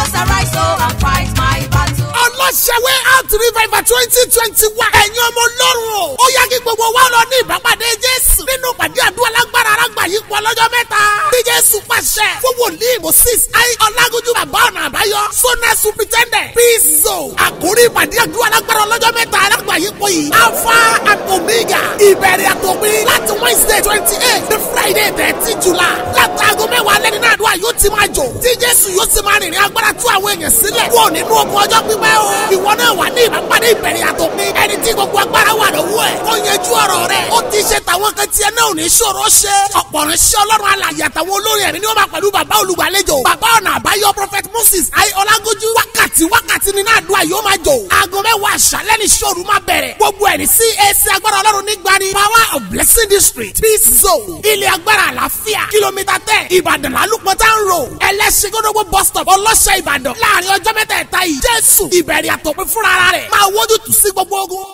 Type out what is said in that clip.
must arise so and fight my battle. ọlọ́ṣẹ̀wé out revival twenty twenty one ẹ̀yin ọmọ ọlọ́run o ó yá kí gbogbo wa lọ ní ìbápadé jésù nínú pàdé àdúrà lágbára alágbà yìí pọ̀ lọ́jọ́ mẹ́ta bí jésù pàṣẹ fún wòlíì moses ayé ọlágójú bàbá ọ̀nà àbáyọ sọ́nà supritẹ́ndẹ̀ pizzo àkórí ìpàdé àdúrà lágbára ọlọ́jọ́ mẹ́ta alágbà yìí pọ̀ yìí alpha and omega ìbẹ̀rẹ̀ àtòmí láti wednesday twenty eight to friday thirty july látà àdúrà yóò ti máa jò tí jésù yóò ti máa rìnrìn agbára tú àwọn èèyàn sílẹ̀ kúrò nínú ogun ọjọ́ pípẹ́ o ìwọ náà wà ní ìbápadé ìbẹ̀rẹ̀ àtòpin ẹni tí gbogbo agbára wà lọ́wọ́ ẹ̀ ó yanjú ọ̀rọ̀ rẹ̀ ó ti ṣe tàwọn kan tiẹ̀ náà ò ní ṣòro ṣe ọ̀pọ̀ ránṣẹ́ ọlọ́run alàyè àtàwọn olórin ẹ̀rí ni ó máa pẹ̀lú bàbá olùgbàlejò bàbá ọ̀nà àbáyọ prophet moses ayé ọlágójú wákàtí wákàtí nínú àdúrà yóò máa jò aago mẹ́wàá àṣálẹ́ ní ṣòru máa bẹ̀rẹ̀ gbogbo ẹ̀rí sí ẹsẹ̀ agbára ọlọ́run nígbani power of blessing district peace zone ilé agbára àlàáfíà kìlómítà tẹ̀ ìbàdàn lálùpọ̀tà ń rò ẹlẹ́sìn gbọ́dọ̀gbọ́ bus stop ọlọ́ṣẹ́ ìbàdàn láàrin ọjọ́ mẹ́tẹ̀ẹ̀ta yìí jésù ìbẹ̀rẹ̀ àtọ̀pẹ́ fúnra rẹ̀ máa wójú tù sí gbogbo ogun.